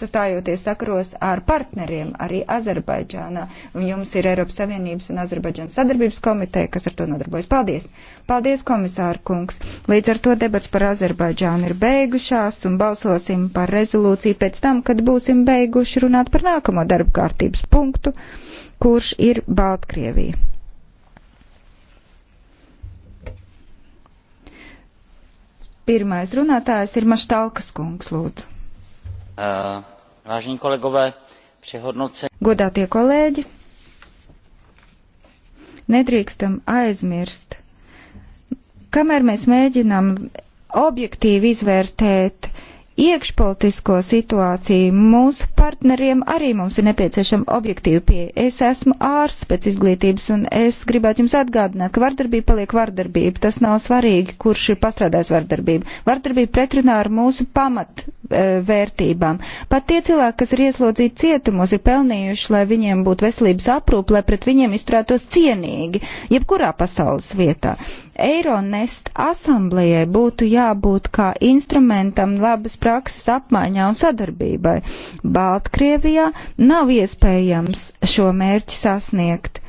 sastājoties sakros ar partneriem arī Azerbaidžānā. Un jums ir Eiropas Savienības un Azerbaidžānas sadarbības komiteja, kas ar to nodarbojas. Paldies! Paldies, komisāra kungs! Līdz ar to debats par Azerbaidžānu ir beigušās un balsosim par rezolūciju pēc tam, kad būsim beiguši runāt par nākamo darba kārtības punktu, kurš ir Baltkrievija. Pirmais runātājs ir Maštalkas kungs, lūdzu. Eh, vážení kolegové, při hodnocení. Godātie kolēģi, nedrīkstam aizmirst, kamēr mēs mēģinām objektīvi izvērtēt iekšpolitisko situāciju mūsu partneriem arī mums ir nepieciešama objektīva pieeja. Es esmu ārsts pēc izglītības un es gribētu jums atgādināt, ka vardarbība paliek vardarbība. Tas nav svarīgi, kurš ir pastrādājis vardarbību. Vardarbība pretrunā ar mūsu pamat e, vērtībām. Pat tie cilvēki, kas ir ieslodzīti cietumos, ir pelnījuši, lai viņiem būtu veselības aprūpe, lai pret viņiem izturētos cienīgi, jebkurā pasaules vietā. Eironest asamblējai būtu jābūt kā instrumentam labas prakses apmaiņā un sadarbībai. Baltkrievijā nav iespējams šo mērķi sasniegt.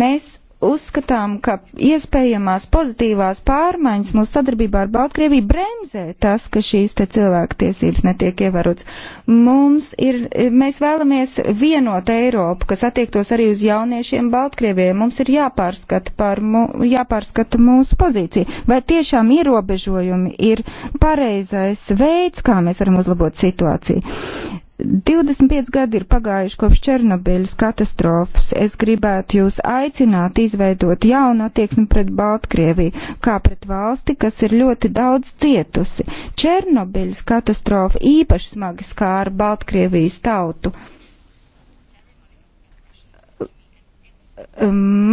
Mēs uzskatām, ka iespējamās pozitīvās pārmaiņas mūsu sadarbībā ar Baltkrieviju bremzē tas, ka šīs te cilvēktiesības netiek ievērotas. Mums ir, mēs vēlamies vienot Eiropu, kas attiektos arī uz jauniešiem Baltkrievijai. Mums ir jāpārskata, par, mu, jāpārskata mūsu pozīciju. Vai tiešām ierobežojumi ir pareizais veids, kā mēs varam uzlabot situāciju? 25 gadi ir pagājuši kopš Černobiļas katastrofas. Es gribētu jūs aicināt izveidot jaunu attieksmi pret Baltkrieviju, kā pret valsti, kas ir ļoti daudz cietusi. Černobiļas katastrofa īpaši smagi skāra Baltkrievijas tautu.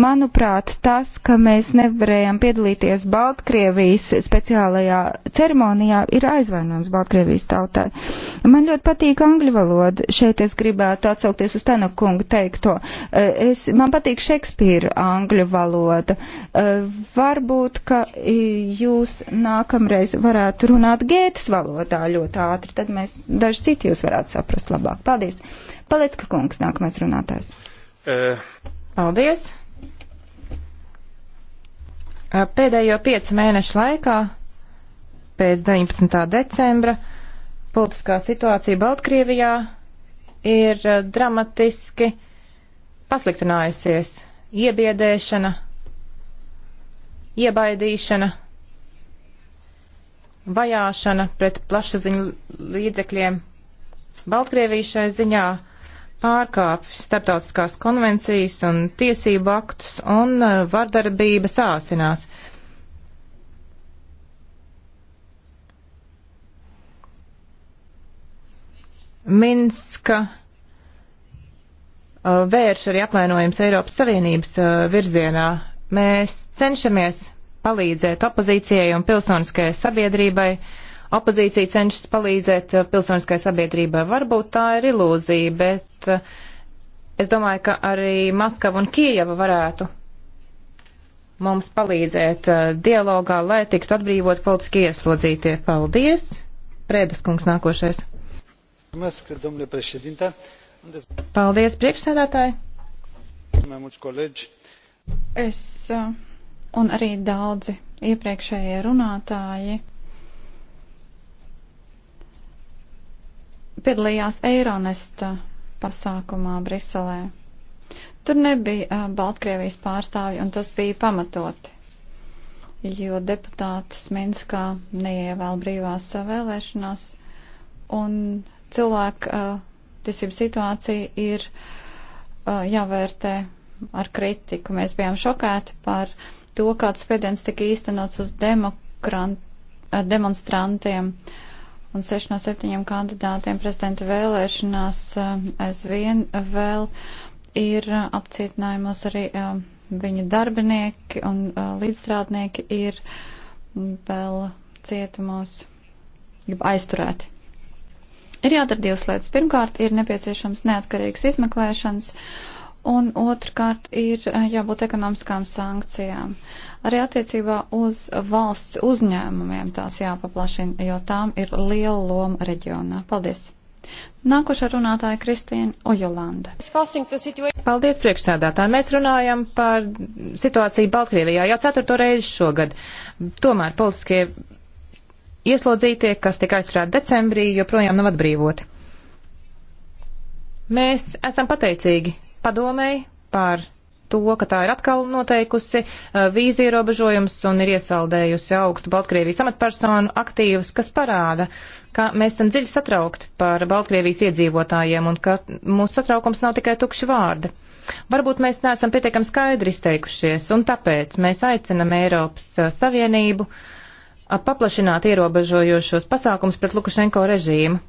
manuprāt, tas, ka mēs nevarējām piedalīties Baltkrievijas speciālajā ceremonijā, ir aizvainojums Baltkrievijas tautai. Man ļoti patīk angļu valoda. Šeit es gribētu atsaukties uz Tanu kungu teikto. Eh, es, man patīk Šekspīra angļu valoda. Eh, varbūt, ka jūs nākamreiz varētu runāt gētas valodā ļoti ātri, tad mēs daži citi jūs varētu saprast labāk. Paldies. Palecka kungs, nākamais runātājs. Uh. Paldies! Pēdējo piecu mēnešu laikā, pēc 19. decembra, politiskā situācija Baltkrievijā ir dramatiski pasliktinājusies. Iebiedēšana, iebaidīšana, vajāšana pret plašsaziņu līdzekļiem. Baltkrievija šai ziņā pārkāpj starptautiskās konvencijas un tiesību aktus un uh, vardarbības āsinās. Minska uh, vērš arī apvainojums Eiropas Savienības uh, virzienā. Mēs cenšamies palīdzēt opozīcijai un pilsoniskajai sabiedrībai uh, opozīcija cenšas palīdzēt eh, pilsoniskai sabiedrībai. Varbūt tā ir ilūzija, bet eh, es domāju, ka arī Maskava un Kijava varētu mums palīdzēt eh, dialogā, lai tiktu atbrīvot politiski ieslodzītie. Paldies! Prēdas kungs nākošais. Paldies, priekšsēdētāji! Es un arī daudzi iepriekšējie runātāji piedalījās Eironesta pasākumā Briselē. Tur nebija uh, Baltkrievijas pārstāvji, un tas bija pamatoti, jo deputātus Minskā neievēl brīvās vēlēšanās, un cilvēku uh, tiesību situācija ir uh, jāvērtē ar kritiku. Mēs bijām šokēti par to, kāds spiediens tika īstenots uz demonstrantiem. Uh, un seši no septiņiem kandidātiem prezidenta vēlēšanās eh, aizvien vēl ir eh, apcietinājumos arī eh, viņu darbinieki un līdzstrādnieki ir mm, vēl cietumos, jeb aizturēti. Ir jādara divas lietas. Pirmkārt, ir nepieciešams neatkarīgs izmeklēšanas. Uh, un otrkārt ir eh, jābūt ekonomiskām sankcijām. Arī attiecībā uz valsts uzņēmumiem tās jāpaplašina, jo tām ir liela loma reģionā. Paldies! Nākošā runātāja Kristīna Ojolanda. Paldies, priekšsēdētāji. Mēs runājam par situāciju Baltkrievijā jau ceturto reizi šogad. Tomēr politiskie ieslodzītie, kas tika aizturēti decembrī, joprojām nav atbrīvoti. Mēs esam pateicīgi padomēji par to, ka tā ir atkal noteikusi eh, vīzu ierobežojums un ir iesaldējusi augstu Baltkrievijas amatpersonu aktīvus, kas parāda, ka mēs esam dziļi satraukti par Baltkrievijas iedzīvotājiem un ka mūsu satraukums nav tikai tukši vārdi. Varbūt mēs neesam pietiekami skaidri izteikušies, un tāpēc mēs aicinam Eiropas eh, Savienību eh, paplašināt ierobežojošos pasākums pret Lukašenko režīmu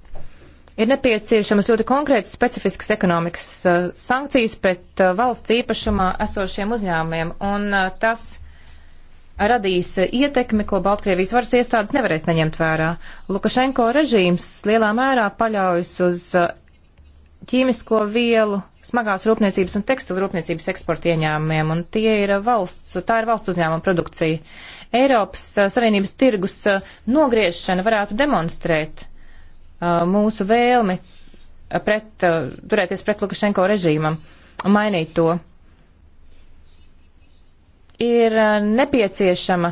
ir nepieciešamas ļoti konkrētas specifiskas ekonomikas uh, sankcijas pret uh, valsts īpašumā esošiem uzņēmumiem, un uh, tas radīs ietekmi, ko Baltkrievijas varas iestādes nevarēs neņemt vērā. Lukašenko režīms lielā mērā paļaujas uz ķīmisko vielu, smagās rūpniecības un tekstilu rūpniecības eksporta ieņēmumiem, un tie ir valsts, tā ir valsts uzņēmuma produkcija. Eiropas Savienības tirgus nogriešana varētu demonstrēt Uh, mūsu vēlmi uh, pret, uh, turēties pret Lukašenko režīmam un mainīt to. Ir nepieciešama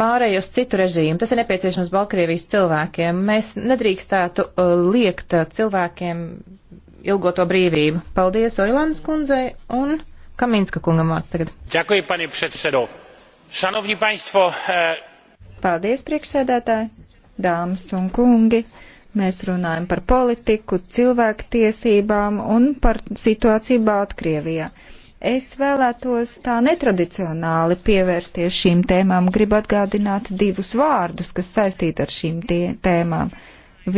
pārēj uz citu režīmu. Tas ir nepieciešams Baltkrievijas cilvēkiem. Mēs nedrīkstētu liekt cilvēkiem ilgoto brīvību. Paldies Oilandes kundzei un Kaminska kungam vārds tagad. Ďakuj, pani predsedo. Šanovni paņstvo. Eh, Paldies, priekšsēdētāji, dāmas un kungi. Uh, Mēs runājam par politiku, cilvēku tiesībām un par situāciju Baltkrievijā. Es vēlētos tā netradicionāli pievērsties šīm tēmām, gribu atgādināt divus vārdus, kas saistīti ar šīm tēmām.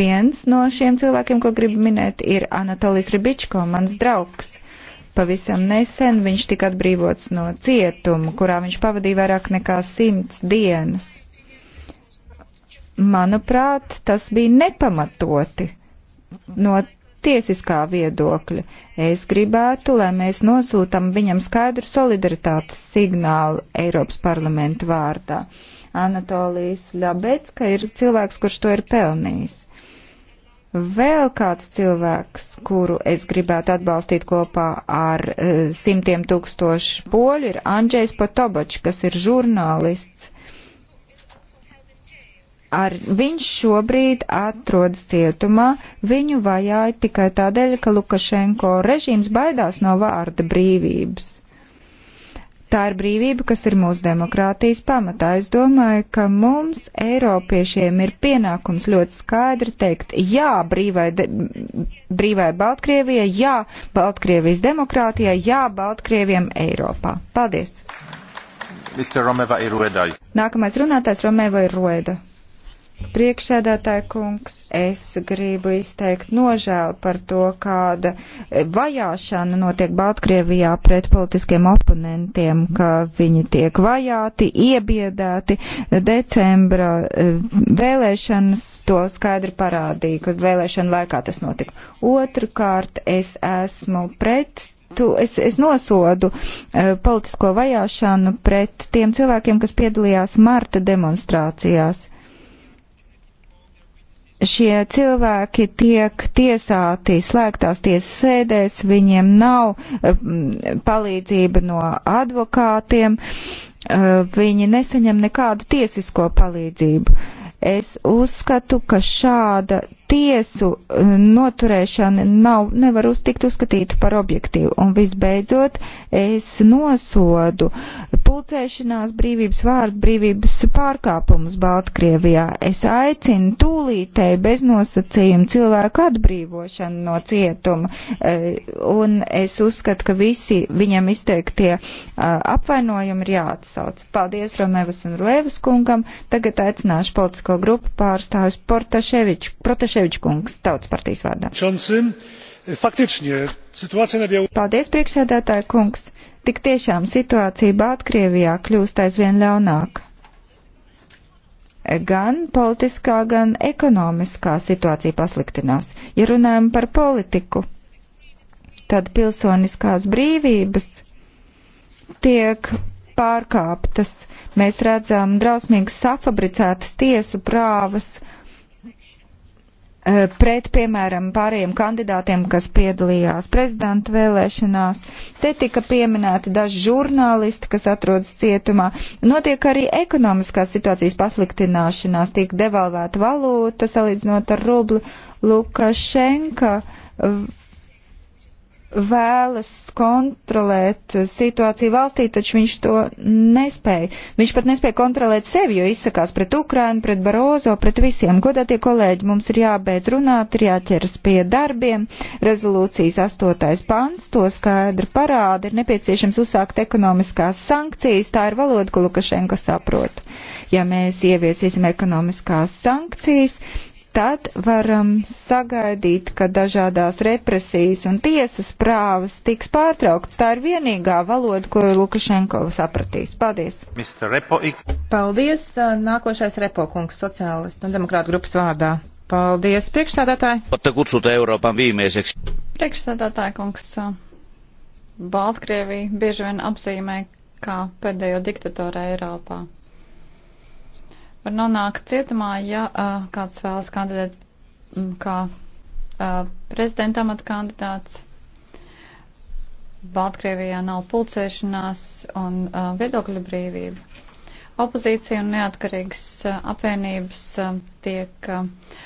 Viens no šiem cilvēkiem, ko gribu minēt, ir Anatolijs Ribičko, mans draugs. Pavisam nesen viņš tika atbrīvots no cietuma, kurā viņš pavadīja vairāk nekā simts dienas. Manuprāt, tas bija nepamatoti no tiesiskā viedokļa. Es gribētu, lai mēs nosūtam viņam skaidru solidaritātes signālu Eiropas parlamenta vārdā. Anatolijas Ļabecka ir cilvēks, kurš to ir pelnījis. Vēl kāds cilvēks, kuru es gribētu atbalstīt kopā ar uh, simtiem tūkstošu poļu, ir Andrzejs Potobačs, kas ir žurnālists ar, viņš šobrīd atrodas cietumā. Viņu vajāja tikai tādēļ, ka Lukašenko režīms baidās no vārda brīvības. Tā ir brīvība, kas ir mūsu demokrātijas pamatā. Es domāju, ka mums, Eiropiešiem, ir pienākums ļoti skaidri teikt jā brīvai, de, brīvai Baltkrievijai, jā Baltkrievijas demokrātijai, jā Baltkrieviem Eiropā. Paldies! Nākamais runātājs Romeva ir Rueda. Priekšsēdētāja kungs, es gribu izteikt nožēlu par to, kāda vajāšana notiek Baltkrievijā pret politiskiem oponentiem, ka viņi tiek vajāti, iebiedēti. Decembra eh, vēlēšanas to skaidri parādīja, ka vēlēšana laikā tas notika. Otrkārt, es esmu pret tu, es, es nosodu uh, politisko vajāšanu pret tiem cilvēkiem, kas piedalījās marta demonstrācijās šie cilvēki tiek tiesāti slēgtās tiesas sēdēs, viņiem nav mm, palīdzība no advokātiem, eh, viņi nesaņem nekādu tiesisko palīdzību. Es uzskatu, ka šāda tiesu eh, noturēšana nav, nevar uztikt uzskatīta par objektīvu. Un visbeidzot, es nosodu pulcēšanās brīvības vārdu brīvības pārkāpumus Baltkrievijā. Es aicinu tūlītēji bez nosacījuma cilvēku atbrīvošanu no cietuma. Eh, un es uzskatu, ka visi viņam izteiktie eh, apvainojumi ir jāatsauc. Paldies Romevas un Ruevas kungam. Tagad aicināšu politisko grupu pārstāvis Portaševiču. Protaševiču Ševičs kungs, tautas partijas vārdā. Paldies, priekšsēdētāja kungs. Tik tiešām situācija Baltkrievijā kļūst aizvien ļaunāka. Gan politiskā, gan ekonomiskā situācija pasliktinās. Ja runājam par politiku, tad pilsoniskās brīvības tiek pārkāptas. Mēs redzam drausmīgas safabricētas tiesu prāvas Eh, pret, piemēram, pārējiem kandidātiem, kas piedalījās prezidenta vēlēšanās. Te tika pieminēti daži žurnālisti, kas atrodas cietumā. Notiek arī ekonomiskās situācijas pasliktināšanās, tiek devalvēta valūta salīdzinot ar rubli. Lukašenka vēlas kontrolēt situāciju valstī, taču viņš to nespēja. Viņš pat nespēja kontrolēt sevi, jo izsakās pret Ukrainu, pret Barozo, pret visiem. Godātie kolēģi, mums ir jābeidz runāt, ir jāķeras pie darbiem. Rezolūcijas astotais pants to skaidri parāda, ir nepieciešams uzsākt ekonomiskās sankcijas, tā ir valoda, ko Lukašenko saprot. Ja mēs ieviesīsim ekonomiskās sankcijas, tad varam sagaidīt, ka dažādās represijas un tiesas prāvas tiks pārtrauktas. Tā ir vienīgā valoda, ko Lukašenko sapratīs. Paldies! Paldies! Uh, nākošais repokungs sociālistu un demokrātu grupas vārdā. Paldies, priekšsādātāji! Priekšsādātāji, kungs, uh, Baltkrievija bieži vien apzīmē kā pēdējo diktatoru Eiropā var nonākt cietumā, ja uh, kāds vēlas kandidēt kā uh, prezidenta amata kandidāts. Baltkrievijā nav pulcēšanās un uh, viedokļu brīvība. Opozīcija un neatkarīgas uh, apvienības uh, tiek uh,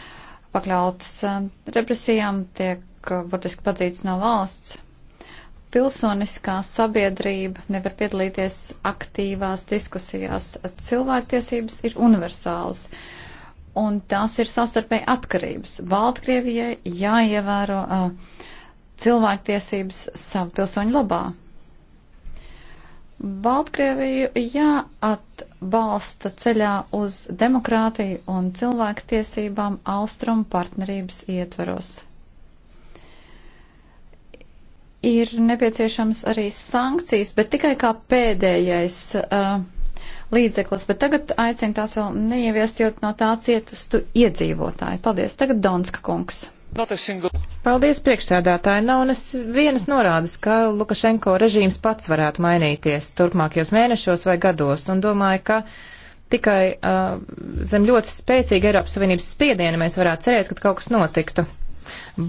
pakļautas uh, represijām, tiek uh, burtiski padzīts no valsts pilsoniskā sabiedrība nevar piedalīties aktīvās diskusijās. Cilvēktiesības ir universālas. Un tās ir sastarpēji atkarības. Baltkrievijai jāievēro uh, cilvēktiesības savu pilsoņu labā. Baltkrieviju jāatbalsta ceļā uz demokrātiju un cilvēktiesībām austrumu partnerības ietvaros ir nepieciešams arī sankcijas, bet tikai kā pēdējais uh, līdzeklis. Bet tagad aicinu tās vēl neieviest, jo no tā cietustu iedzīvotāji. Paldies. Tagad Donska kungs. Paldies priekšsēdētāji. Nav nes vienas norādes, ka Lukašenko režīms pats varētu mainīties turpmākajos mēnešos vai gados. Un domāju, ka tikai uh, zem ļoti spēcīga Eiropas Savienības spiediena mēs varētu cerēt, ka kaut kas notiktu.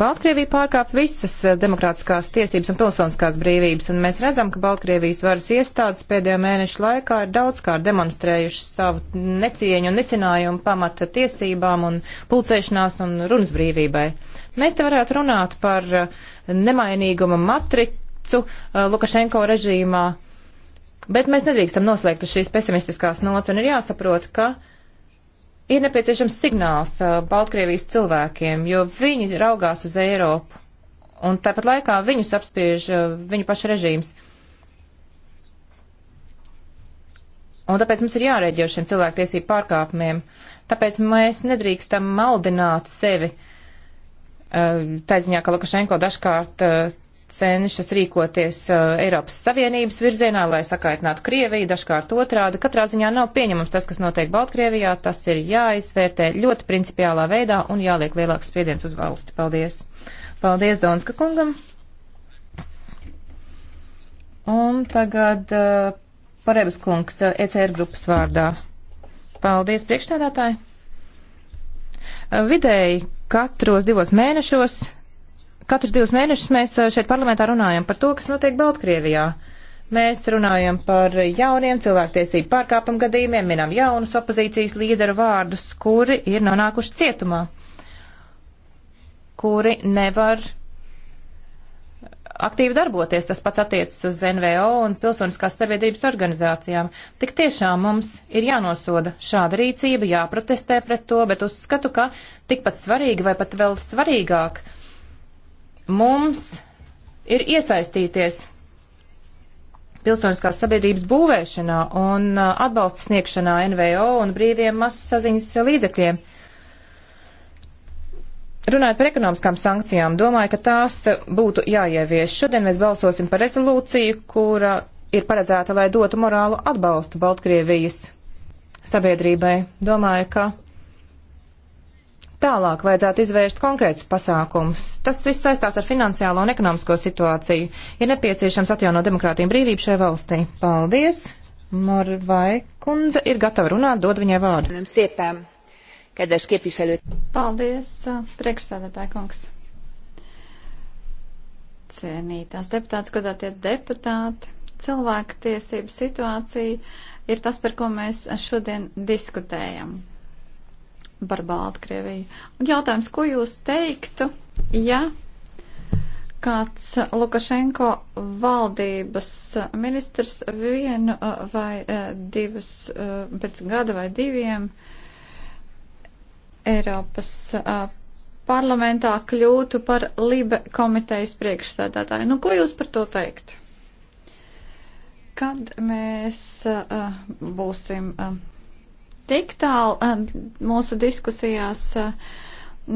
Baltkrievija pārkāp visas eh, demokrātiskās tiesības un pilsoniskās brīvības, un mēs redzam, ka Baltkrievijas varas iestādes pēdējo mēnešu laikā ir daudzkārt demonstrējuši savu necieņu un nicinājumu pamata tiesībām un pulcēšanās un runas brīvībai. Mēs te varētu runāt par eh, nemainīguma matricu eh, Lukašenko režīmā, bet mēs nedrīkstam noslēgt uz šīs pesimistiskās nots, un ir jāsaprot, ka uh, Ir nepieciešams signāls uh, Baltkrievijas cilvēkiem, jo viņi raugās uz Eiropu un tāpat laikā viņus apspiež uh, viņu pašu režīms. Un tāpēc mums ir jārēģē uz šiem cilvēktiesību pārkāpumiem. Tāpēc mēs nedrīkstam maldināt sevi. Uh, tā ziņā, ka Lukašenko dažkārt cenšas rīkoties uh, Eiropas Savienības virzienā, lai sakaitinātu Krieviju, dažkārt otrādi. Katrā ziņā nav pieņemams tas, kas notiek Baltkrievijā, tas ir jāizvērtē ļoti principiālā veidā un jāliek lielāks spiediens uz valsti. Paldies! Paldies Donska kungam! Un tagad uh, Parebas kungs uh, ECR grupas vārdā. Paldies priekšstādātāji! Uh, vidēji katros divos mēnešos Katrs divus mēnešus mēs šeit parlamentā runājam par to, kas notiek Baltkrievijā. Mēs runājam par jauniem cilvēktiesību pārkāpumu gadījumiem, minam jaunus opozīcijas līderu vārdus, kuri ir nonākuši cietumā, kuri nevar aktīvi darboties. Tas pats attiecas uz NVO un pilsoniskās sabiedrības organizācijām. Tik tiešām mums ir jānosoda šāda rīcība, jāprotestē pret to, bet uzskatu, ka tikpat svarīgi vai pat vēl svarīgāk Mums ir iesaistīties pilsoniskās sabiedrības būvēšanā un uh, atbalsts sniegšanā NVO un brīviem masu saziņas līdzekļiem. Runājot par ekonomiskām sankcijām, domāju, ka tās būtu jāievieš. Šodien mēs balsosim par rezolūciju, kura ir paredzēta, lai dotu morālu atbalstu Baltkrievijas sabiedrībai. Domāju, ka Tālāk vajadzētu izvērst konkrētus pasākumus. Tas viss saistās ar finansiālo un ekonomisko situāciju. Ir nepieciešams atjaunot demokrātiju un brīvību šajā valstī. Paldies! Morvai kundze ir gatava runāt, dod viņai vārdu. Paldies, priekšsēdētāji kungs. Cienītās deputāts, godātie deputāti, cilvēku tiesību situācija ir tas, par ko mēs šodien diskutējam par Baltkrieviju. Un jautājums, ko jūs teiktu, ja kāds Lukašenko valdības ministrs vienu uh, vai uh, divus, uh, pēc gada vai diviem Eiropas parlamentā kļūtu par Libe komitejas priekšsēdētāju. Nu, ko jūs par to teiktu? Kad mēs būsim tik tālu eh, mūsu diskusijās eh,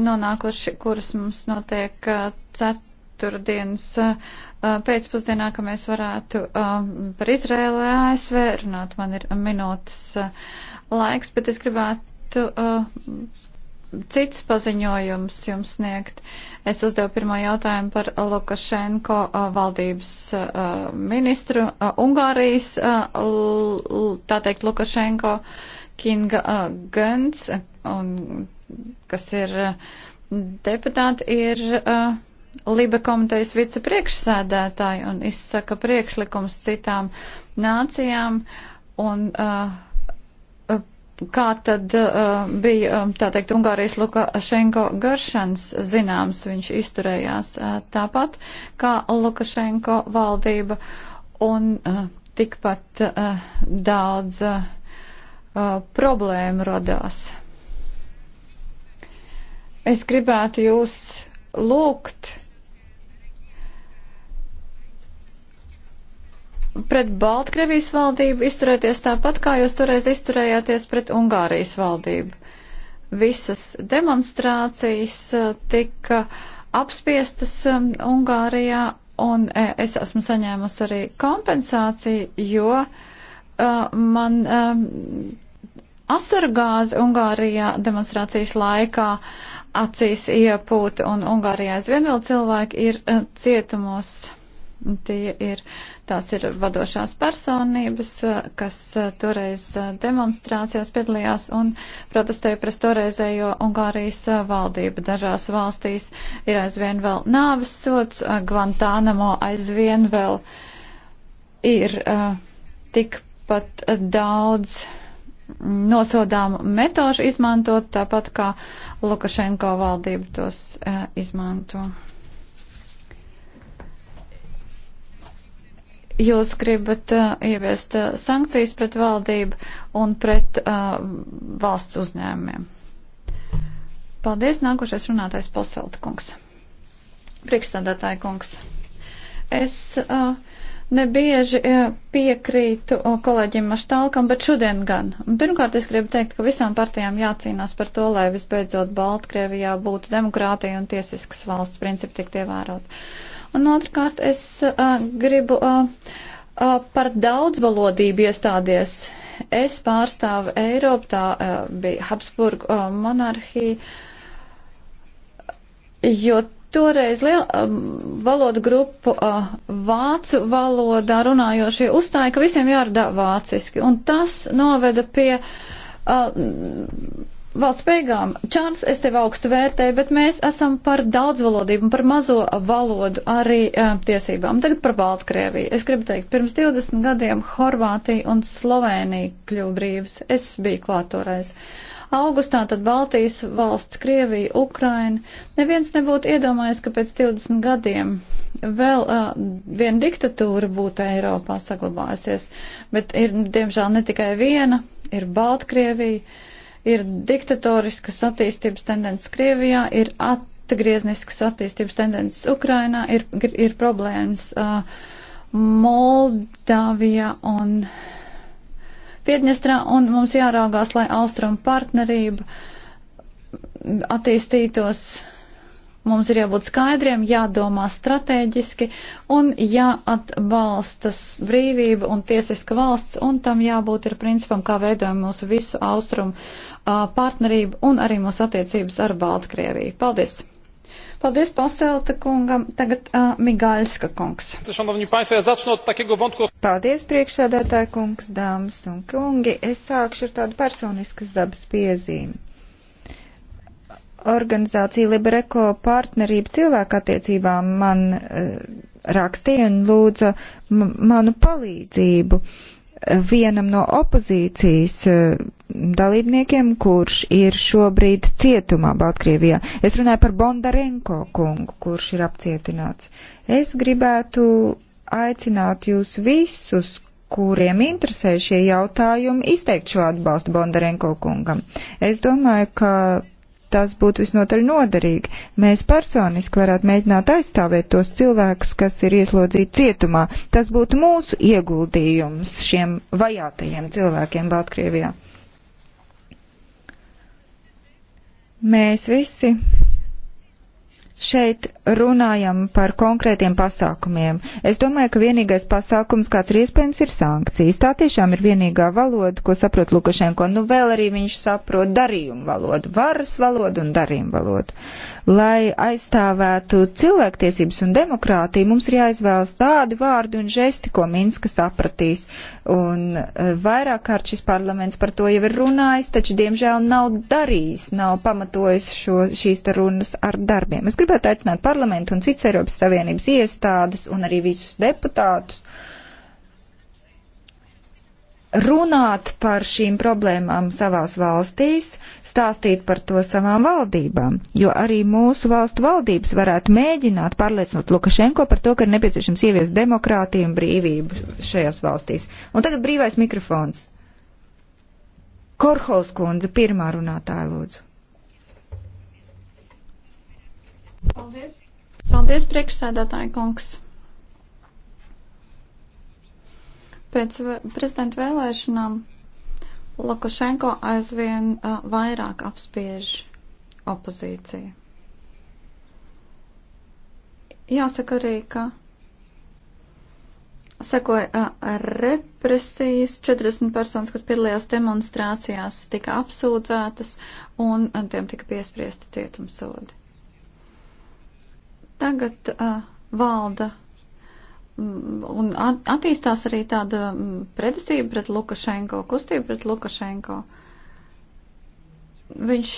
nonākuši, kuras mums notiek eh, ceturtdienas pēcpusdienā, ka mēs varētu par Izrēlu ASV runāt. Man ir minūtes laiks, bet es gribētu cits paziņojums jums sniegt. Es uzdevu pirmo jautājumu par Lukašenko valdības ministru Ungārijas, tā teikt, Lukašenko. Uh, Kinga uh, Gans, un, kas ir uh, deputāti, ir uh, Liba komitejas vicepriekšsēdētāji un izsaka priekšlikums citām nācijām. Un, uh, kā tad uh, bija, um, tā teikt, Ungārijas Lukašenko garšans zināms, viņš izturējās uh, tāpat kā Lukašenko valdība. Un, uh, tikpat uh, daudz uh, uh, problēma radās. Es gribētu jūs lūgt pret Baltkrievijas valdību izturēties tāpat, kā jūs toreiz izturējāties pret Ungārijas valdību. Visas demonstrācijas uh, tika apspiestas um, Ungārijā, un uh, es esmu saņēmusi arī kompensāciju, jo uh, man um, asargāzi Ungārijā demonstrācijas laikā acīs iepūta, un Ungārijā aizvien vēl cilvēki ir eh, cietumos. Tie ir, tās ir vadošās personības, eh, kas eh, toreiz demonstrācijās piedalījās un protestēja pret toreizējo Ungārijas valdību. Dažās valstīs ir aizvien vēl nāves sots, Gvantānamo aizvien vēl ir tikpat daudz nosodām metožu izmantot, tāpat kā Lukašenko valdība tos uh, izmanto. Jūs gribat uh, ieviest uh, sankcijas pret valdību un pret uh, valsts uzņēmumiem. Paldies, nākošais runātais Poselta kungs. Priekšstādātāja kungs. Es uh, Nebieži piekrītu kolēģim Maštalkam, bet šodien gan. Pirmkārt, es gribu teikt, ka visām partijām jācīnās par to, lai visbeidzot Baltkrievijā būtu demokrātija un tiesisks valsts principi tikt ievērot. Un otrkārt, es uh, gribu uh, uh, par daudzvalodību iestādies. Es pārstāvu Eiropu, tā uh, bija Habsburgu uh, monarhija, jo Toreiz liela um, valodu grupu uh, vācu valodā runājošie uzstāja, ka visiem jārada vāciski, un tas noveda pie uh, valsts beigām. Čārlis, es tevi augstu vērtēju, bet mēs esam par daudzvalodību un par mazo valodu arī um, tiesībām. Tagad par Baltkrieviju. Es gribu teikt, pirms 20 gadiem Horvātija un Slovēnija kļuva brīvas. Es biju klāt toreiz. Uh, Augustā tad Baltijas valsts, Krievija, Ukraina. Neviens nebūtu iedomājies, ka pēc 20 gadiem vēl uh, viena diktatūra būtu Eiropā saglabājusies, bet ir, diemžēl, ne tikai viena, ir Baltkrievija, ir diktatoriskas attīstības tendences Krievijā, ir atgriezniskas attīstības tendences Ukrainā, ir, ir problēmas uh, Moldāvijā un. Uh, Piedņestrā, un mums jārāgās, lai austrumu partnerība attīstītos. Mums ir jābūt skaidriem, jādomā strateģiski un jāatbalstas brīvība un tiesiska valsts, un tam jābūt ir principam, kā veidojam mūsu visu austrumu partnerību un arī mūsu attiecības ar Baltkrieviju. Paldies! Paldies Paselta kungam, tagad uh, Migaļska kungs. Paldies priekšsēdētāja kungs, dāmas un kungi. Es sākšu ar tādu personiskas dabas piezīmi. Organizācija Libereko partnerība cilvēku attiecībām man uh, rakstīja un lūdza manu palīdzību. Uh, vienam no opozīcijas eh, dalībniekiem, kurš ir šobrīd cietumā Baltkrievijā. Es runāju par Bondarenko kungu, kurš ir apcietināts. Es gribētu aicināt jūs visus, kuriem interesē šie jautājumi, izteikt šo atbalstu Bondarenko kungam. Es domāju, ka tas būtu visnotaļ noderīgi. Mēs personiski varētu mēģināt aizstāvēt tos cilvēkus, kas ir ieslodzīti cietumā. Tas būtu mūsu ieguldījums šiem vajātajiem cilvēkiem Baltkrievijā. Mēs visi šeit runājam par konkrētiem pasākumiem. Es domāju, ka vienīgais pasākums, kāds ir iespējams, ir sankcijas. Tā tiešām ir vienīgā valoda, ko saprot Lukašenko. Nu, vēl arī viņš saprot darījumu valodu, varas valodu un darījumu valodu. Lai aizstāvētu cilvēktiesības un demokrātiju, mums ir jāizvēlas tādi vārdi un žesti, ko Minska sapratīs. Un eh, vairāk kārt šis parlaments par to jau ir runājis, taču, diemžēl, nav darījis, nav pamatojis šo, šīs runas ar darbiem. Es gribētu aicināt parlamentu un citas Eiropas Savienības iestādes un arī visus deputātus runāt par šīm problēmām savās valstīs, stāstīt par to savām valdībām, jo arī mūsu valstu valdības varētu mēģināt pārliecināt Lukašenko par to, ka ir nepieciešams ievies demokrātiju un brīvību šajās valstīs. Un tagad brīvais mikrofons. Korhols kundze, pirmā runātāja lūdzu. Paldies! Paldies, priekšsēdētāji kungs! Pēc prezidenta vēlēšanām Lukašenko aizvien uh, vairāk apspiež opozīciju. Jāsaka arī, ka sekoja uh, represijas, 40 personas, kas piedalījās demonstrācijās, tika apsūdzētas un tiem tika piespriesti cietumsodi. Tagad uh, valda un attīstās arī tāda pretestība pret Lukašenko, kustība pret Lukašenko. Viņš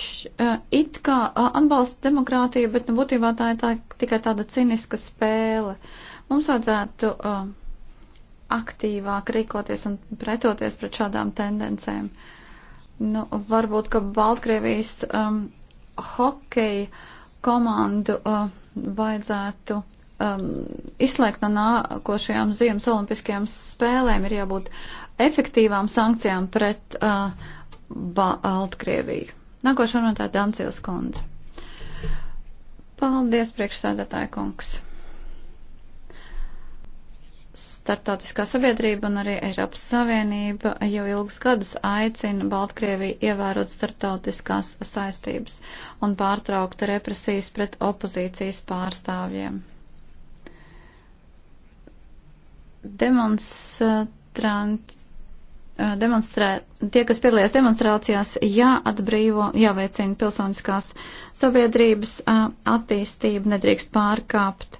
uh, it kā uh, atbalsta demokrātiju, bet nu, būtībā tā ir tā, tikai tāda ciniska spēle. Mums vajadzētu uh, aktīvāk rīkoties un pretoties pret šādām tendencēm. Nu, varbūt, ka Baltkrievijas um, hokeja komandu uh, vajadzētu um, izslēgt no nākošajām ziemas olimpiskajām spēlēm, ir jābūt efektīvām sankcijām pret uh, Baltkrieviju. Nākošais runātājs Dancils Kundze. Paldies, priekšstādātāja kungs startautiskā sabiedrība un arī Eiropas Savienība jau ilgus gadus aicina Baltkrieviju ievērot startautiskās saistības un pārtraukt represijas pret opozīcijas pārstāvjiem. Demonstranti demonstrē, tie, kas piedalījās demonstrācijās, jāatbrīvo, jāveicina pilsoniskās sabiedrības attīstība, nedrīkst pārkāpt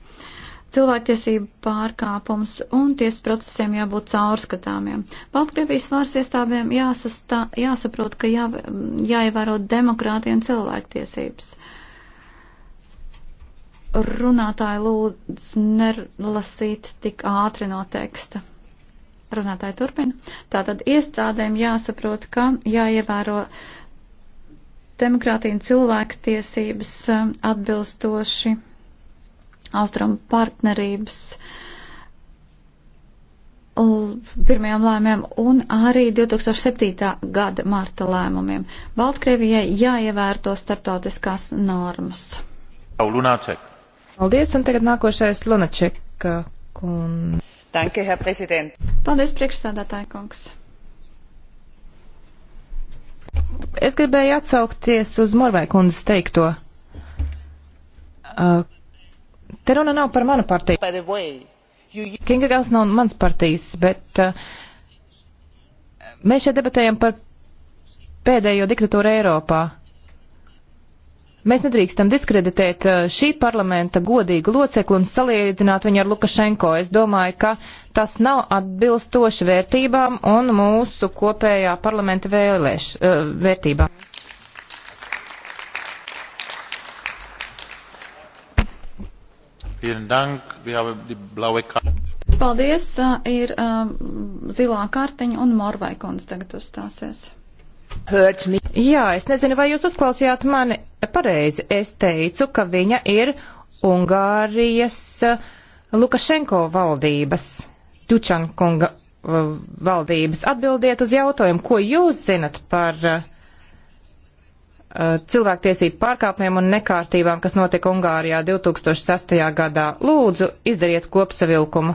cilvēktiesību pārkāpums un tiesas procesiem jābūt caurskatāmiem. Baltkrievijas vārs iestādēm jāsastā, jāsaprot, ka jā, jāievēro demokrātija un cilvēktiesības. Runātāji lūdzu nelasīt tik ātri no teksta. Runātāji turpina. Tātad iestādēm jāsaprot, ka jāievēro demokrātija un cilvēktiesības um, atbilstoši austrumu partnerības pirmajām lēmēm un arī 2007. gada marta lēmumiem. Baltkrievijai jāievērto starptautiskās normas. Lunācek. Paldies, un tagad nākošais Lunačeka uh, kundze. Danke, Herr Präsident. Paldies, priekšsādātāja kungs. Es gribēju atsaukties uz Morvai kundzes teikto. Uh, Te runa nav par manu partiju. Kinga Gals nav mans partijas, bet uh, mēs šeit debatējam par pēdējo diktatūru Eiropā. Mēs nedrīkstam diskreditēt uh, šī parlamenta godīgu locekli un salīdzināt viņu ar Lukašenko. Es domāju, ka tas nav atbilstoši vērtībām un mūsu kopējā parlamenta vēlēš, uh, vērtībām. Paldies, ir zilā kartiņa un Morvai kundze tagad uzstāsies. Jā, es nezinu, vai jūs uzklausījāt mani pareizi. Es teicu, ka viņa ir Ungārijas Lukašenko valdības, Tučankunga valdības. Atbildiet uz jautājumu, ko jūs zinat par uh, Eh, cilvēktiesību pārkāpumiem un nekārtībām, kas notika Ungārijā 2006. gadā. Lūdzu, izdariet kopsavilkumu.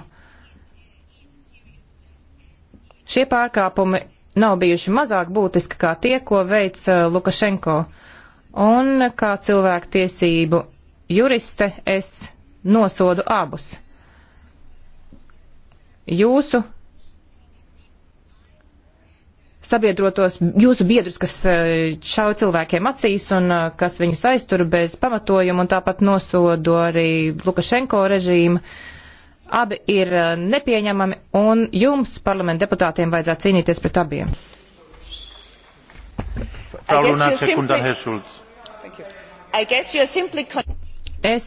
Šie pārkāpumi nav bijuši mazāk būtiski kā tie, ko veic eh, Lukašenko. Un kā cilvēktiesību juriste es nosodu abus. Jūsu sabiedrotos, jūsu biedrus, kas eh, šau cilvēkiem acīs un eh, kas viņus aiztur bez pamatojuma un tāpat nosodo arī Lukašenko režīmu. Abi ir eh, nepieņemami un jums, parlamenta deputātiem, vajadzētu cīnīties pret abiem. Simply... Es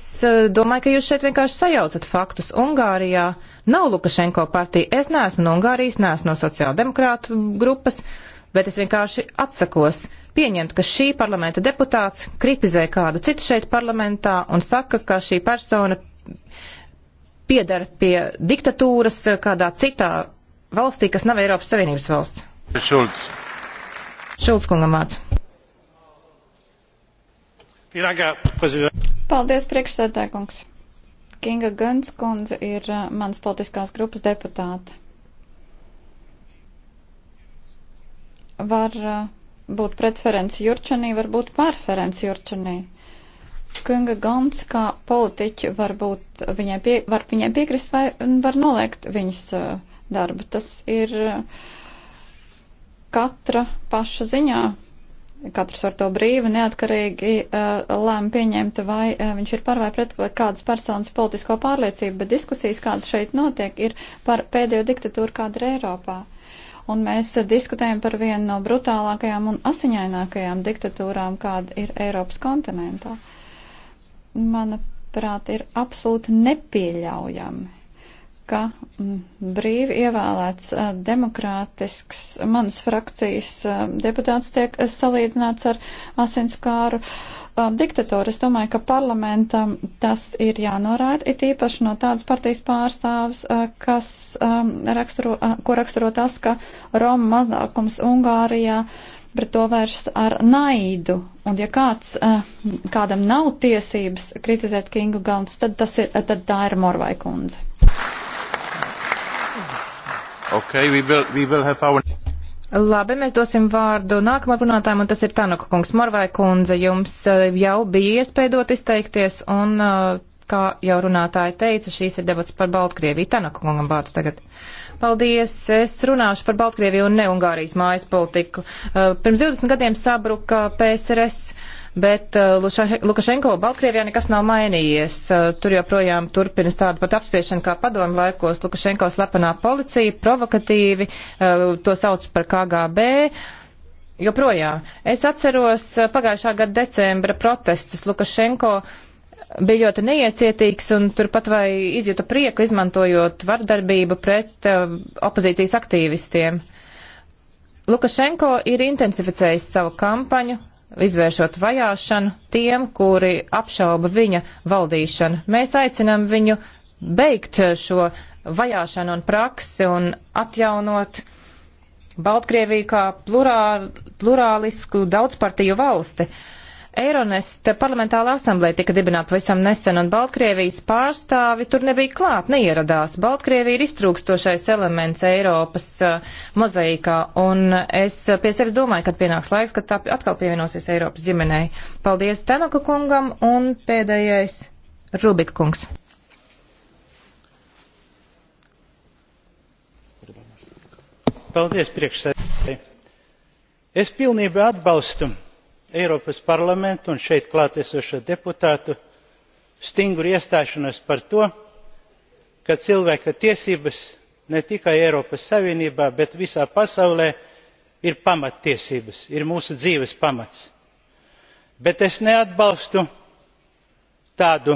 domāju, ka jūs šeit vienkārši sajaucat faktus. Ungārijā uh, nav Lukašenko partija. Es neesmu no Ungārijas, neesmu no sociāldemokrātu grupas, bet es vienkārši atsakos pieņemt, ka šī parlamenta deputāts kritizē kādu citu šeit parlamentā un saka, ka šī persona piedara pie diktatūras kādā citā valstī, kas nav Eiropas Savienības valsts. Šulc. Šulc kungam māc. Paldies, priekšsēdētāj kungs. Kinga Gunskundze ir eh, mans politiskās grupas deputāte. Var eh, būt preferenci Jurčanī, var būt pārferenci Jurčanī. Kinga Gons kā politiķi var būt, viņai pie, var viņai piekrist vai var noliegt viņas eh, darbu. Tas ir katra paša ziņā katrs var to brīvi, neatkarīgi uh, lēma pieņemt, vai uh, viņš ir par vai pret vai kādas personas politisko pārliecību, bet diskusijas, kādas šeit notiek, ir par pēdējo diktatūru, kāda ir Eiropā. Un mēs uh, diskutējam par vienu no brutālākajām un asiņainākajām diktatūrām, kāda ir Eiropas kontinentā. Manuprāt, ir absolūti nepieļaujami ka mm, brīvi ievēlēts demokrātisks manas frakcijas deputāts tiek salīdzināts ar asinskāru diktatoru. Es domāju, ka parlamentam tas ir jānorāda, it īpaši no tādas partijas pārstāvs, kas raksturo, ko raksturo tas, ka Roma mazākums Ungārijā pret to vairs ar naidu. Un ja kāds, kādam nav tiesības kritizēt Kingu Galns, tad, tas ir, tad tā ir Morvai kundze. Okay, we will, we will our... Labi, mēs dosim vārdu nākamajam runātājam, un tas ir Tanaka kungs. Morvai kundze, jums eh, jau bija iespēja dot izteikties, un, eh, kā jau runātāji teica, šīs ir debats par Baltkrieviju. Tanaka kungam vārds tagad. Paldies! Es runāšu par Baltkrieviju un ne Ungārijas mājas politiku. Eh, pirms 20 gadiem sabruka PSRS Bet uh, Lukašenko Baltkrievijā nekas nav mainījies. Uh, tur joprojām turpinas tāda pat apspiešana kā padomu laikos. Lukašenko slepenā policija provokatīvi uh, to sauc par KGB. Joprojām. Es atceros uh, pagājušā gada decembra protestus. Lukašenko bija ļoti neiecietīgs un turpat vai izjuta prieku, izmantojot vardarbību pret uh, opozīcijas aktīvistiem. Lukašenko ir intensificējis savu kampaņu izvēršot vajāšanu tiem, kuri apšauba viņa valdīšanu. Mēs aicinām viņu beigt šo vajāšanu un praksi un atjaunot Baltkrieviju kā plurā, plurālisku daudzpartiju valsti. Uh, Eironest parlamentāla asamblē tika dibināta visam nesen, un Baltkrievijas pārstāvi tur nebija klāt, neieradās. Baltkrievija ir iztrūkstošais elements Eiropas uh, mozaīkā, un es uh, pie sevis domāju, kad pienāks laiks, kad tā atkal pievienosies Eiropas ģimenei. Paldies Tenoka kungam, un pēdējais Rubika kungs. Paldies priekšsēdētāji. Es pilnībā atbalstu eiropas parlamenta un šeit klātesošo deputātu stingru iestāšanos par to ka cilvēka tiesības ne tikai eiropas savienībā bet visā pasaulē ir pamattiesības ir mūsu dzīves pamats. bet es neatbalstu tādu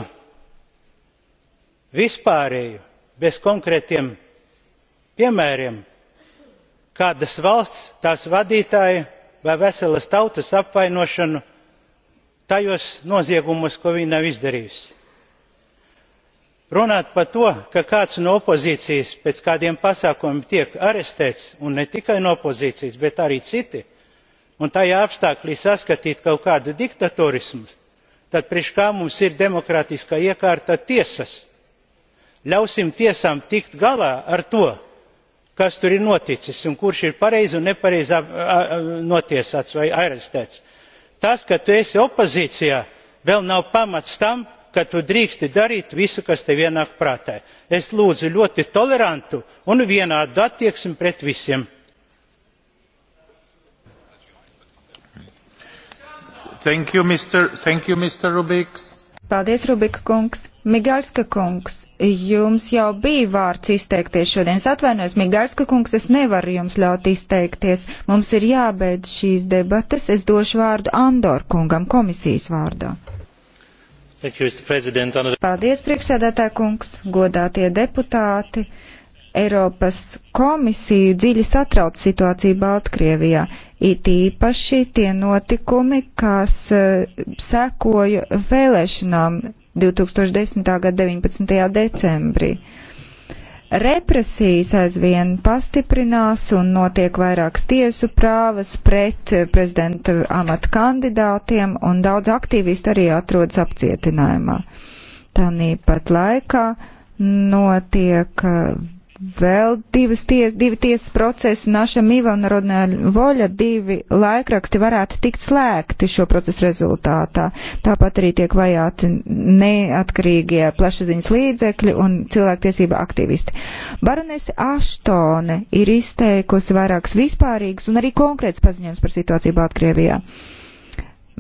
vispārēju bez konkrētiem piemēriem kādas valsts tās vadītāji vai veselas tautas apvainošanu tajos noziegumos ko viņa nav izdarījusi. runāt par to ka kāds no opozīcijas pēc kādiem pasākumiem tiek arestēts un ne tikai no opozīcijas bet arī citi un tajā apstākļā saskatīt kaut kādu diktatorismu tad priekš kā mums ir demokrātiskā iekārta tiesas? ļausim tiesām tikt galā ar to kas tur ir noticis un kurš ir pareizi un nepareizi notiesāts vai arestēts. tas ka tu esi opozīcijā vēl nav pamats tam ka tu drīksti darīt visu kas tev ienāk prātā. es lūdzu ļoti tolerantu un vienādu attieksmi pret visiem. Thank you, Mr. Thank you, Mr. Rubiks. Paldies, Rubika kungs. Migalska kungs, jums jau bija vārds izteikties šodien. Es atvainojos, Migalska kungs, es nevaru jums ļaut izteikties. Mums ir jābeidz šīs debates. Es došu vārdu Andor kungam komisijas vārdā. You, Paldies, priekšsēdētāj kungs, godātie deputāti. Eiropas komisiju dziļi satrauc situācija Baltkrievijā. It īpaši tie notikumi, kas eh, sekoja vēlēšanām 2010. gada 19. decembrī. Represijas aizvien pastiprinās un notiek vairākas tiesu prāvas pret eh, prezidenta amata kandidātiem un daudz aktīvisti arī atrodas apcietinājumā. Tāpat laikā notiek eh, vēl divas ties, divi tiesas procesi, un Našam Ivan Rodnē Voļa divi laikraksti varētu tikt slēgti šo procesu rezultātā. Tāpat arī tiek vajāti neatkarīgie plašsaziņas līdzekļi un cilvēktiesība aktīvisti. Baronese Aštone ir izteikusi vairākus vispārīgus un arī konkrēts paziņojums par situāciju Baltkrievijā.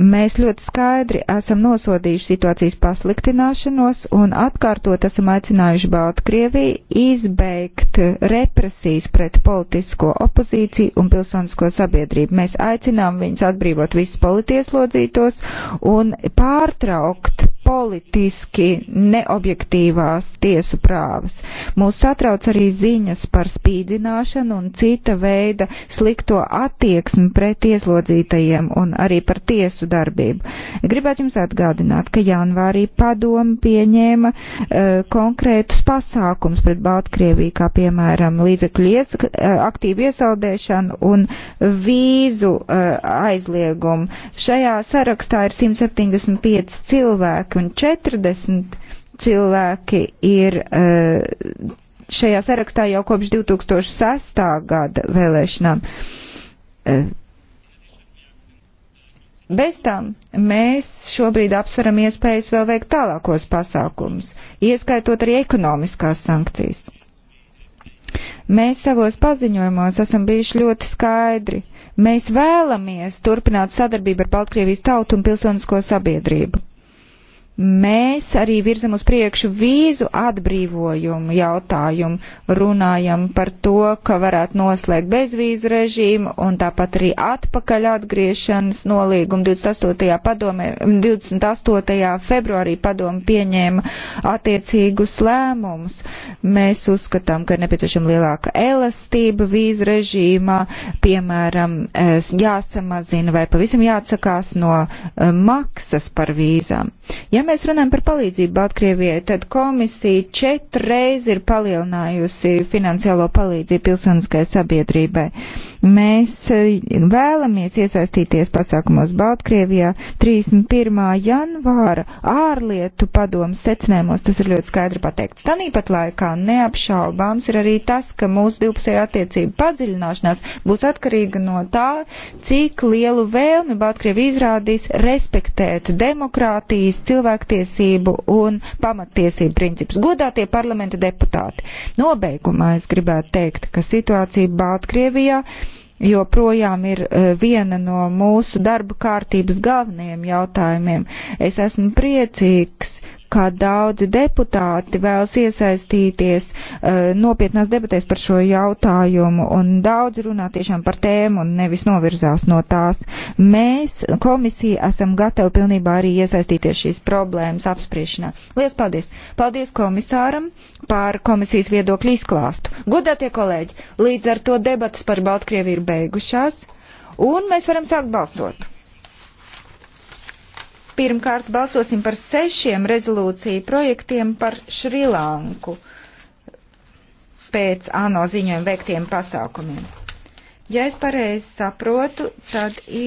Mēs ļoti skaidri esam nosodījuši situācijas pasliktināšanos un atkārtot esam aicinājuši Baltkrieviju izbeigt represijas pret politisko opozīciju un pilsonisko sabiedrību. Mēs aicinām viņus atbrīvot visus politieslodzītos un pārtraukt politiski neobjektīvās tiesu prāvas. Mūs satrauc arī ziņas par spīdināšanu un cita veida slikto attieksmi pret ieslodzītajiem un arī par tiesu darbību. Gribētu jums atgādināt, ka janvārī padomi pieņēma uh, konkrētus pasākums pret Baltkrieviju, kā piemēram līdzekļu ies, uh, aktīvu iesaldēšanu un vīzu uh, aizliegumu. Šajā sarakstā ir 175 cilvēki cilvēki un 40 cilvēki ir eh, šajā sarakstā jau kopš 2006. gada vēlēšanām. Eh, bez tam mēs šobrīd apsveram iespējas vēl veikt tālākos pasākumus, ieskaitot arī ekonomiskās sankcijas. Mēs savos paziņojumos esam bijuši ļoti skaidri. Mēs vēlamies turpināt sadarbību ar Baltkrievijas tautu un pilsonisko sabiedrību. Mēs arī virzam uz priekšu vīzu atbrīvojumu jautājumu, runājam par to, ka varētu noslēgt bezvīzu režīmu un tāpat arī atpakaļ atgriešanas nolīgumu 28. Padomē, 28. februārī padomu pieņēma attiecīgus lēmumus. Mēs uzskatām, ka ir nepieciešama lielāka elastība vīzu režīmā, piemēram, jāsamazina vai pavisam jāatsakās no eh, maksas par vīzām. Ja mēs runājam par palīdzību Baltkrievijai, tad komisija četreiz ir palielinājusi finansiālo palīdzību pilsoniskai sabiedrībai. Uh, Mēs e, vēlamies iesaistīties pasākumos Baltkrievijā 31. janvāra ārlietu padomas secinājumos, tas ir ļoti skaidri pateikts. Tanīpat laikā neapšaubāms ir arī tas, ka mūsu divpusējā attiecība padziļināšanās būs atkarīga no tā, cik lielu vēlmi Baltkrievi izrādīs respektēt demokrātijas, cilvēktiesību un pamatiesību principus. Godātie parlamenta deputāti! Nobeigumā es gribētu teikt, ka situācija Baltkrievijā joprojām ir eh, viena no mūsu darba kārtības galvenajiem jautājumiem. Es esmu priecīgs, kā daudzi deputāti vēlas iesaistīties uh, nopietnās debatēs par šo jautājumu un daudz runā tiešām par tēmu un nevis novirzās no tās. Mēs, komisija, esam gatavi pilnībā arī iesaistīties šīs problēmas apspriešanā. Lielas paldies! Paldies komisāram par komisijas viedokļu izklāstu. Godātie kolēģi, līdz ar to debatas par Baltkrieviju ir beigušās un mēs varam sākt balsot. Pirmkārt, balsosim par sešiem rezolūciju projektiem par Šrilanku pēc ANO ziņojuma veiktiem pasākumiem. Ja es pareizi saprotu, tad ir.